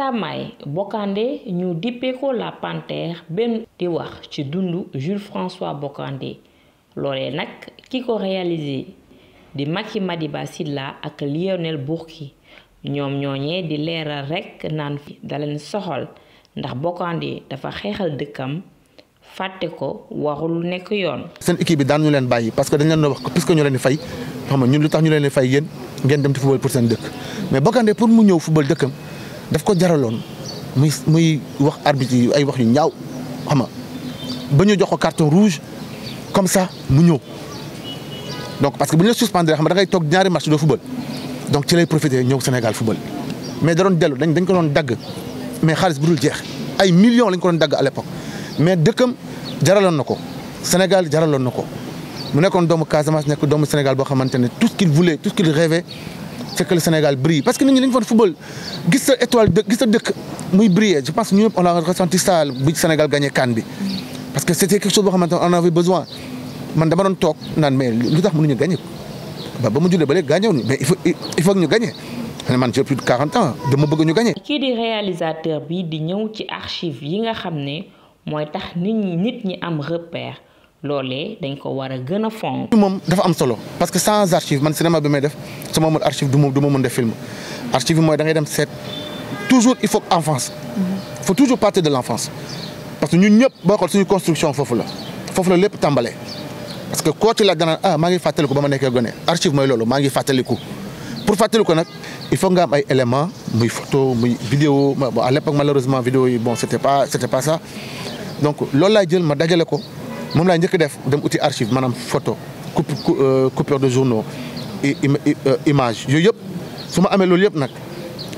Issa May Bokandé ñu dippee ko la panthère ben di wax ci dundu Jules François Bokandé lolé nak kiko ko réalisé di Macky Madiba Silla ak Lionel Bourki ñom ñooñee di léral rek nan fi daleen soxol ndax Bokandé dafa xéxal dëkkam faté ko waxul nek yoon. seen équipe bi daan ñu leen bàyyi parce que dañ leen wax puisque ñu leen di fay xam nga ñun lutax ñu leen di fay yeen ngeen dem ci football pour seen dëkk mais Bokandé pour mu ñëw football dëkkam daf ko jaralon muy muy wax arbitre ay wax yu xam carton rouge comme ça mu donc parce que buñ la suspendre xam da ngay tok ñaari match football donc ci lay profité au Sénégal football mais da doon delu dañ mais bu dul millions lañ ko à l'époque mais na Sénégal jaralon de a mu nekkoon doomu Casamance nekk doomu Sénégal tout ce qu'il voulait tout ce qu'il rêvait c'est que le Sénégal brille. Parce que nous, nous, nous, football, gis étoile, gis dëkk muy briller. Je pense que nous, on a ressenti ça, le Sénégal gagné Cannes. Parce que c'était quelque chose dont on avait besoin. Man, dama doon toog naan mais lu tax gagné ba ba mu jullee ba mais il faut il faut ñu gagner. man j'ai plus de 40 ans Je bëgg ñu nous gagnions. di réalisateur bi di ñëw ci archive yi nga xam ne tax nit ñi nit ñi am repère lolé dañ ko wara gëna fonk. mom dafa am solo parce que sans archive man cinéma bi may def sama ma archive du ma du ma mën def film archive moy da ngay dem set toujours il faut enfance. faut toujours partir de l'enfance, parce que ñun ñëpp boo suñu construction fofu la fofu la lepp tambalé parce que koo ci la dana ah ma ngi fàttaliku ko bama nekkee gone archive moy lolu ma ngi ko pour ko nak il faut nga am ay éléments muy photo muy vidéo bon à l'époque malheureusement vidéo yi bon c'était pas c'était pas ça donc lolu la jël ma dajale ko. moom laa njëkk def dem uti archive maanaam photo coupe euh, coupure de journaux euh, image yooyu yëpp su ma amee loolu yëpp nag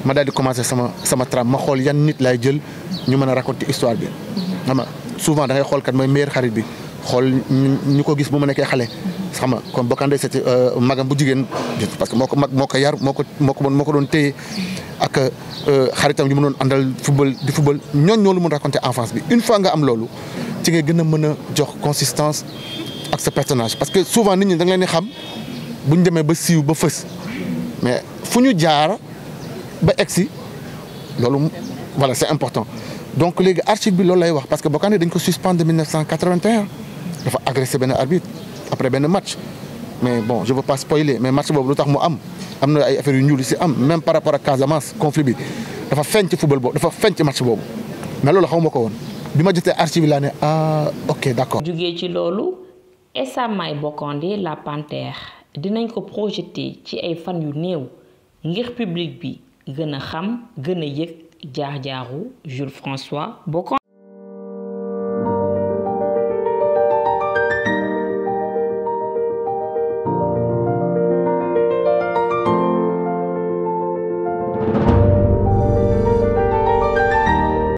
ma daal di commencé sama sama trame ma xool yan nit laay jël ñu mën a raconter histoire bi xam nga souvent da xool kat may meilleur xarit bi xool ñu ko gis bu ma nekkee xale xam nga comme Bocandé c'était euh, magam bu jigéen parce que moo ko mag moo ko yar moo ko moo ko moo ko doon téye ak xaritam ñu mënoon àndal football di football ñooñ ñoo lu mun raconter enfance bi une fois nga am loolu ci nga gën a mën a jox consistance ak sa personnage parce que souvent nit ñi da leen di xam bu ñu demee ba siiw ba fës mais fu ñu jaar ba egsi loolu voilà c'est important donc léegi archive bi loolu lay wax parce que Bocandé dañ ko suspendre 1981 dafa agressé benn arbitre après benn match mais bon je veux pas spoiler mais match boobu lu tax mu am am na ay affaire yu ñuul yu si am même par rapport ak Casamance conflit bi dafa feeñ ci football boobu dafa feeñ match boobu mais loolu xaw ma ko woon bima jotté archive laa ah ok d'accord. djugé ci lolu Essa May Bokande la panthère dinañ ko projeté ci ay fan yu néew ngir public bi gëna xam gëna a jaaru Jules François Bokande.